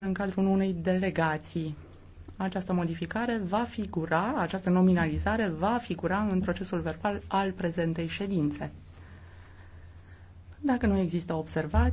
în cadrul unei delegații. Această modificare va figura, această nominalizare va figura în procesul verbal al prezentei ședințe. Dacă nu există observații,